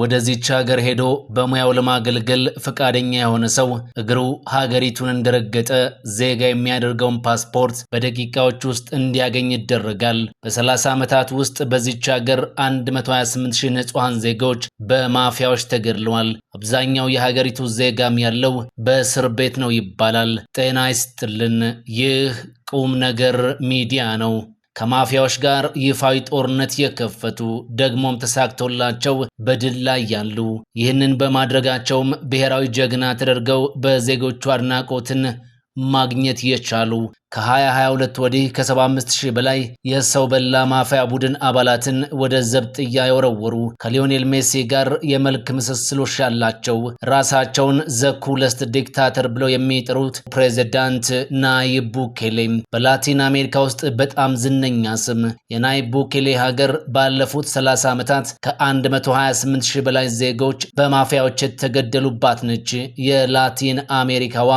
ወደዚች ሀገር ሄዶ በሙያው ለማገልገል ፈቃደኛ የሆነ ሰው እግሩ ሀገሪቱን እንደረገጠ ዜጋ የሚያደርገውን ፓስፖርት በደቂቃዎች ውስጥ እንዲያገኝ ይደረጋል። በ30 ዓመታት ውስጥ በዚች ሀገር 128 ሺህ ንጹሐን ዜጋዎች በማፊያዎች ተገድለዋል። አብዛኛው የሀገሪቱ ዜጋም ያለው በእስር ቤት ነው ይባላል። ጤና ይስጥልን። ይህ ቁም ነገር ሚዲያ ነው። ከማፊያዎች ጋር ይፋዊ ጦርነት የከፈቱ ደግሞም ተሳክቶላቸው በድል ላይ ያሉ ይህንን በማድረጋቸውም ብሔራዊ ጀግና ተደርገው በዜጎቹ አድናቆትን ማግኘት የቻሉ ከ2022 ወዲህ ከ75000 በላይ የሰው በላ ማፈያ ቡድን አባላትን ወደ ዘብጥያ የወረወሩ ከሊዮኔል ሜሲ ጋር የመልክ ምስስሎች ያላቸው ራሳቸውን ዘኩለስት ዲክታተር ብለው የሚጠሩት ፕሬዚዳንት ናይብ ቡኬሌ በላቲን አሜሪካ ውስጥ በጣም ዝነኛ ስም የናይብ ቡኬሌ ሀገር ባለፉት 30 ዓመታት ከ128000 በላይ ዜጎች በማፊያዎች የተገደሉባት ነች። የላቲን አሜሪካዋ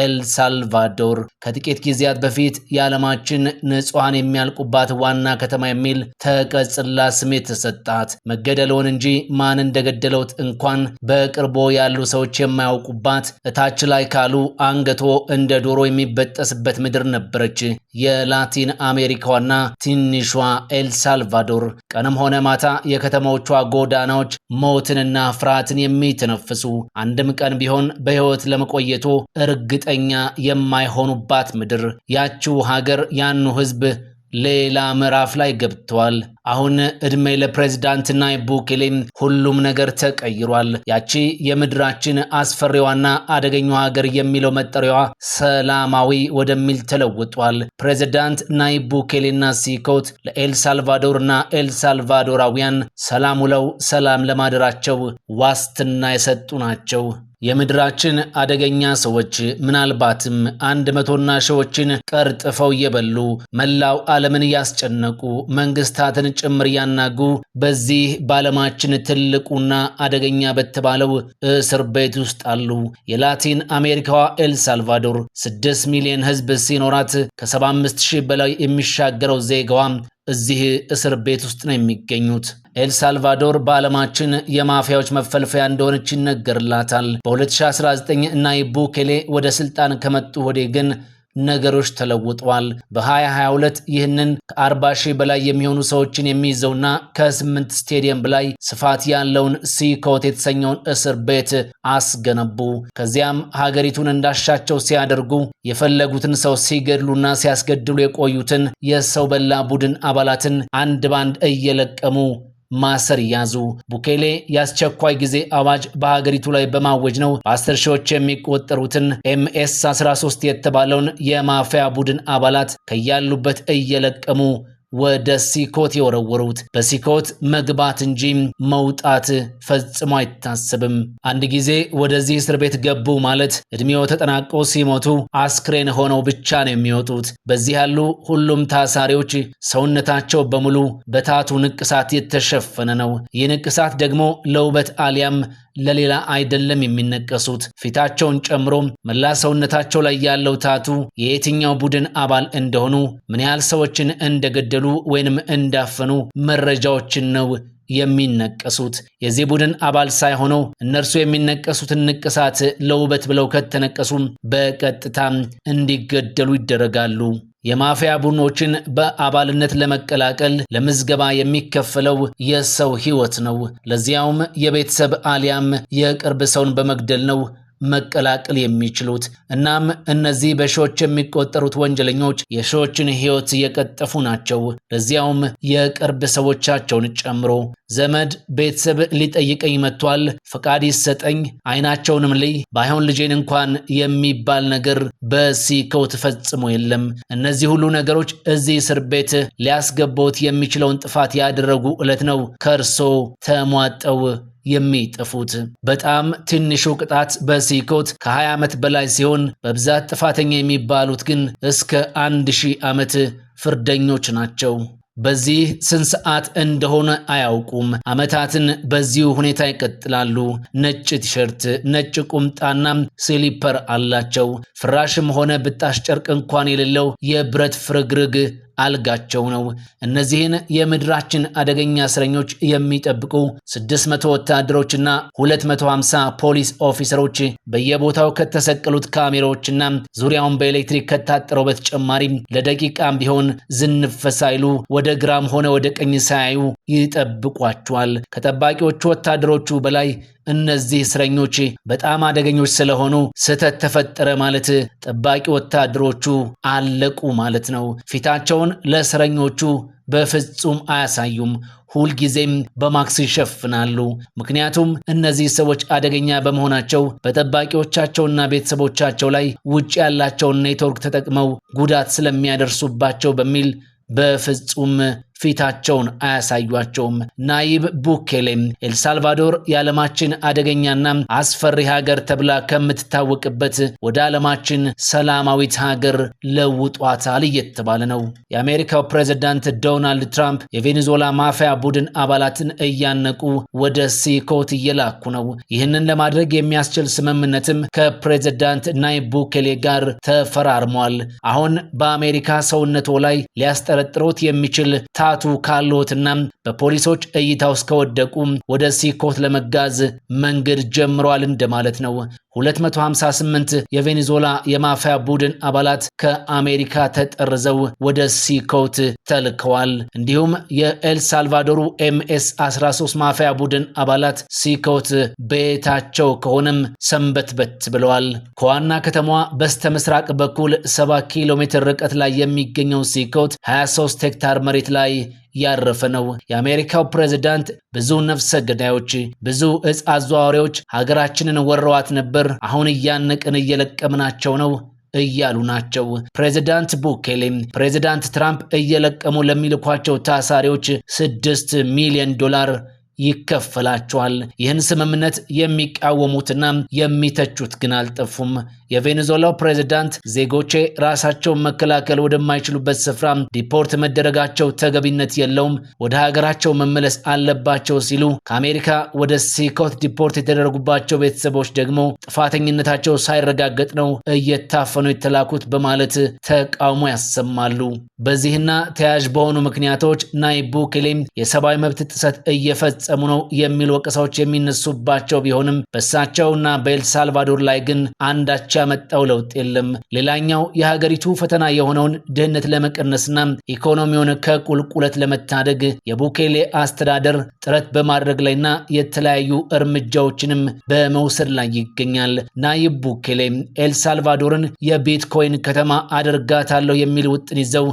ኤልሳልቫዶር ከጥቂት ጊዜያት በፊት የዓለማችን ንጹሐን የሚያልቁባት ዋና ከተማ የሚል ተቀጽላ ስሜት ተሰጣት። መገደለውን እንጂ ማን እንደገደለውት እንኳን በቅርቦ ያሉ ሰዎች የማያውቁባት እታች ላይ ካሉ አንገቶ እንደ ዶሮ የሚበጠስበት ምድር ነበረች። የላቲን አሜሪካዋና ትንሿ ኤልሳልቫዶር ቀንም ሆነ ማታ የከተማዎቿ ጎዳናዎች ሞትንና ፍርሃትን የሚተነፍሱ አንድም ቀን ቢሆን በሕይወት ለመቆየቱ እርግጥ እርግጠኛ የማይሆኑባት ምድር ያችው ሀገር ያኑ ህዝብ ሌላ ምዕራፍ ላይ ገብተዋል። አሁን ዕድሜ ለፕሬዝዳንት ናይብ ቡኬሌም ሁሉም ነገር ተቀይሯል። ያቺ የምድራችን አስፈሪዋና አደገኛዋ ሀገር የሚለው መጠሪያዋ ሰላማዊ ወደሚል ተለውጧል። ፕሬዚዳንት ናይብ ቡኬሌና ሲኮት ለኤልሳልቫዶርና ኤልሳልቫዶራውያን ሰላም ውለው ሰላም ለማደራቸው ዋስትና የሰጡ ናቸው። የምድራችን አደገኛ ሰዎች ምናልባትም አንድ መቶና ሺዎችን ቀርጥፈው እየበሉ መላው ዓለምን እያስጨነቁ መንግስታትን ጭምር እያናጉ በዚህ በዓለማችን ትልቁና አደገኛ በተባለው እስር ቤት ውስጥ አሉ። የላቲን አሜሪካዋ ኤል ሳልቫዶር ስድስት ሚሊዮን ህዝብ ሲኖራት ከ75 ሺህ በላይ የሚሻገረው ዜጋዋ እዚህ እስር ቤት ውስጥ ነው የሚገኙት። ኤልሳልቫዶር በዓለማችን የማፊያዎች መፈልፈያ እንደሆነች ይነገርላታል። በ2019 ናይብ ቡኬሌ ወደ ስልጣን ከመጡ ወዲህ ግን ነገሮች ተለውጠዋል። በ2022 ይህንን ከ40 ሺህ በላይ የሚሆኑ ሰዎችን የሚይዘውና ከ8 ስቴዲየም በላይ ስፋት ያለውን ሲኮት የተሰኘውን እስር ቤት አስገነቡ። ከዚያም ሀገሪቱን እንዳሻቸው ሲያደርጉ የፈለጉትን ሰው ሲገድሉና ሲያስገድሉ የቆዩትን የሰው በላ ቡድን አባላትን አንድ ባንድ እየለቀሙ ማሰር ያዙ። ቡኬሌ የአስቸኳይ ጊዜ አዋጅ በሀገሪቱ ላይ በማወጅ ነው በአስር ሺዎች የሚቆጠሩትን ኤምኤስ 13 የተባለውን የማፊያ ቡድን አባላት ከያሉበት እየለቀሙ ወደ ሲኮት የወረወሩት። በሲኮት መግባት እንጂ መውጣት ፈጽሞ አይታሰብም። አንድ ጊዜ ወደዚህ እስር ቤት ገቡ ማለት እድሜው ተጠናቆ ሲሞቱ አስክሬን ሆነው ብቻ ነው የሚወጡት። በዚህ ያሉ ሁሉም ታሳሪዎች ሰውነታቸው በሙሉ በታቱ ንቅሳት የተሸፈነ ነው። ይህ ንቅሳት ደግሞ ለውበት አሊያም ለሌላ አይደለም የሚነቀሱት። ፊታቸውን ጨምሮ መላ ሰውነታቸው ላይ ያለው ታቱ የየትኛው ቡድን አባል እንደሆኑ፣ ምን ያህል ሰዎችን እንደገደሉ ወይንም እንዳፈኑ መረጃዎችን ነው የሚነቀሱት። የዚህ ቡድን አባል ሳይሆነው እነርሱ የሚነቀሱትን ንቅሳት ለውበት ብለው ከተነቀሱም በቀጥታ እንዲገደሉ ይደረጋሉ። የማፊያ ቡድኖችን በአባልነት ለመቀላቀል ለምዝገባ የሚከፈለው የሰው ሕይወት ነው። ለዚያውም የቤተሰብ አሊያም የቅርብ ሰውን በመግደል ነው። መቀላቀል የሚችሉት። እናም እነዚህ በሺዎች የሚቆጠሩት ወንጀለኞች የሺዎችን ሕይወት እየቀጠፉ ናቸው። ለዚያውም የቅርብ ሰዎቻቸውን ጨምሮ ዘመድ ቤተሰብ ሊጠይቀኝ መጥቷል፣ ፈቃድ ይሰጠኝ፣ አይናቸውንም ልይ፣ ባይሆን ልጄን እንኳን የሚባል ነገር በሲከውት ፈጽሞ የለም። እነዚህ ሁሉ ነገሮች እዚህ እስር ቤት ሊያስገቦት የሚችለውን ጥፋት ያደረጉ ዕለት ነው ከእርሶ ተሟጠው የሚጥፉት። በጣም ትንሹ ቅጣት በሲኮት ከ20 ዓመት በላይ ሲሆን በብዛት ጥፋተኛ የሚባሉት ግን እስከ 1000 ሺህ ዓመት ፍርደኞች ናቸው። በዚህ ስንት ሰዓት እንደሆነ አያውቁም። ዓመታትን በዚሁ ሁኔታ ይቀጥላሉ። ነጭ ቲሸርት፣ ነጭ ቁምጣና ስሊፐር አላቸው። ፍራሽም ሆነ ብጣሽ ጨርቅ እንኳን የሌለው የብረት ፍርግርግ አልጋቸው ነው። እነዚህን የምድራችን አደገኛ እስረኞች የሚጠብቁ 600 ወታደሮችና 250 ፖሊስ ኦፊሰሮች በየቦታው ከተሰቀሉት ካሜራዎችና ዙሪያውን በኤሌክትሪክ ከታጠረው በተጨማሪ ለደቂቃም ቢሆን ዝንፍ ሳይሉ ወደ ግራም ሆነ ወደ ቀኝ ሳያዩ ይጠብቋቸዋል። ከጠባቂዎቹ ወታደሮቹ በላይ እነዚህ እስረኞች በጣም አደገኞች ስለሆኑ ስህተት ተፈጠረ ማለት ጠባቂ ወታደሮቹ አለቁ ማለት ነው። ፊታቸውን ለእስረኞቹ በፍጹም አያሳዩም። ሁልጊዜም በማክስ ይሸፍናሉ። ምክንያቱም እነዚህ ሰዎች አደገኛ በመሆናቸው በጠባቂዎቻቸውና ቤተሰቦቻቸው ላይ ውጭ ያላቸውን ኔትወርክ ተጠቅመው ጉዳት ስለሚያደርሱባቸው በሚል በፍጹም ፊታቸውን አያሳዩቸውም። ናይብ ቡኬሌ ኤልሳልቫዶር የዓለማችን አደገኛና አስፈሪ ሀገር ተብላ ከምትታወቅበት ወደ ዓለማችን ሰላማዊት ሀገር ለውጧታል እየተባለ ነው። የአሜሪካው ፕሬዝዳንት ዶናልድ ትራምፕ የቬኔዙዌላ ማፊያ ቡድን አባላትን እያነቁ ወደ ሲኮት እየላኩ ነው። ይህንን ለማድረግ የሚያስችል ስምምነትም ከፕሬዝዳንት ናይብ ቡኬሌ ጋር ተፈራርሟል። አሁን በአሜሪካ ሰውነቶ ላይ ሊያስጠረጥሮት የሚችል ታ በርካቱ ካሉትና በፖሊሶች እይታ ውስጥ ከወደቁ ወደ ሲኮት ለመጋዝ መንገድ ጀምሯል እንደማለት ነው። 258 የቬኔዙዌላ የማፊያ ቡድን አባላት ከአሜሪካ ተጠርዘው ወደ ሲኮት ተልከዋል። እንዲሁም የኤልሳልቫዶሩ ኤምኤስ 13 ማፊያ ቡድን አባላት ሲኮት ቤታቸው ከሆነም በት ብለዋል። ከዋና ከተማዋ በስተ ምስራቅ በኩል 7 ኪሎ ሜትር ርቀት ላይ የሚገኘው ሲኮት 23 ሄክታር መሬት ላይ ላይ ያረፈ ነው። የአሜሪካው ፕሬዝዳንት ብዙ ነፍሰ ገዳዮች፣ ብዙ እጽ አዘዋዋሪዎች ሀገራችንን ወረዋት ነበር። አሁን እያነቅን እየለቀምናቸው ነው እያሉ ናቸው። ፕሬዚዳንት ቡኬሌ ፕሬዚዳንት ትራምፕ እየለቀሙ ለሚልኳቸው ታሳሪዎች ስድስት ሚሊዮን ዶላር ይከፈላቸዋል። ይህን ስምምነት የሚቃወሙትና የሚተቹት ግን አልጠፉም። የቬኔዙዌላው ፕሬዝዳንት ዜጎቼ ራሳቸውን መከላከል ወደማይችሉበት ስፍራ ዲፖርት መደረጋቸው ተገቢነት የለውም፣ ወደ ሀገራቸው መመለስ አለባቸው ሲሉ ከአሜሪካ ወደ ሲኮት ዲፖርት የተደረጉባቸው ቤተሰቦች ደግሞ ጥፋተኝነታቸው ሳይረጋገጥ ነው እየታፈኑ የተላኩት በማለት ተቃውሞ ያሰማሉ። በዚህና ተያያዥ በሆኑ ምክንያቶች ናይብ ቡኬሌም የሰብአዊ መብት ጥሰት እየፈጸሙ ነው የሚሉ ወቀሳዎች የሚነሱባቸው ቢሆንም በእሳቸውና በኤልሳልቫዶር ላይ ግን አንዳቸው ያመጣው ለውጥ የለም። ሌላኛው የሀገሪቱ ፈተና የሆነውን ድህነት ለመቀነስና ኢኮኖሚውን ከቁልቁለት ለመታደግ የቡኬሌ አስተዳደር ጥረት በማድረግ ላይና የተለያዩ እርምጃዎችንም በመውሰድ ላይ ይገኛል። ናይብ ቡኬሌ ኤልሳልቫዶርን የቢትኮይን ከተማ አደርጋታለሁ የሚል ውጥን ይዘው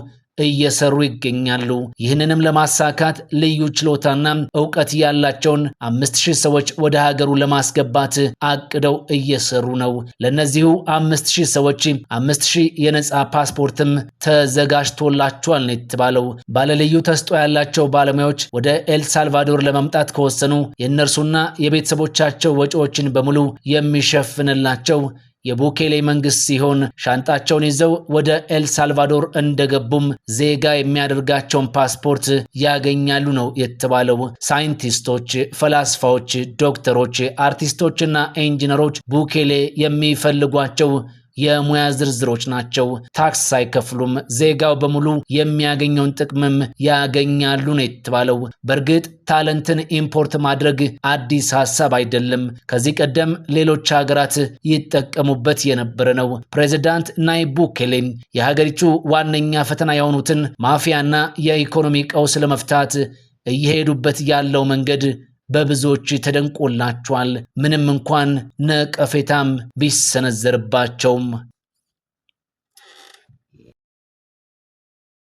እየሰሩ ይገኛሉ። ይህንንም ለማሳካት ልዩ ችሎታና እውቀት ያላቸውን አምስት ሺህ ሰዎች ወደ ሀገሩ ለማስገባት አቅደው እየሰሩ ነው። ለእነዚሁ አምስት ሺህ ሰዎች አምስት ሺህ የነፃ ፓስፖርትም ተዘጋጅቶላቸዋል ነው የተባለው። ባለልዩ ተስጦ ያላቸው ባለሙያዎች ወደ ኤልሳልቫዶር ለመምጣት ከወሰኑ የእነርሱና የቤተሰቦቻቸው ወጪዎችን በሙሉ የሚሸፍንላቸው የቡኬሌ መንግስት ሲሆን ሻንጣቸውን ይዘው ወደ ኤልሳልቫዶር እንደገቡም ዜጋ የሚያደርጋቸውን ፓስፖርት ያገኛሉ ነው የተባለው። ሳይንቲስቶች፣ ፈላስፋዎች፣ ዶክተሮች፣ አርቲስቶችና ኢንጂነሮች ቡኬሌ የሚፈልጓቸው የሙያ ዝርዝሮች ናቸው። ታክስ ሳይከፍሉም ዜጋው በሙሉ የሚያገኘውን ጥቅምም ያገኛሉ ነው የተባለው። በእርግጥ ታለንትን ኢምፖርት ማድረግ አዲስ ሀሳብ አይደለም። ከዚህ ቀደም ሌሎች ሀገራት ይጠቀሙበት የነበረ ነው። ፕሬዚዳንት ናይብ ቡኬሌ የሀገሪቱ ዋነኛ ፈተና የሆኑትን ማፊያና የኢኮኖሚ ቀውስ ለመፍታት እየሄዱበት ያለው መንገድ በብዙዎች ተደንቆላቸዋል። ምንም እንኳን ነቀፌታም ቢሰነዘርባቸውም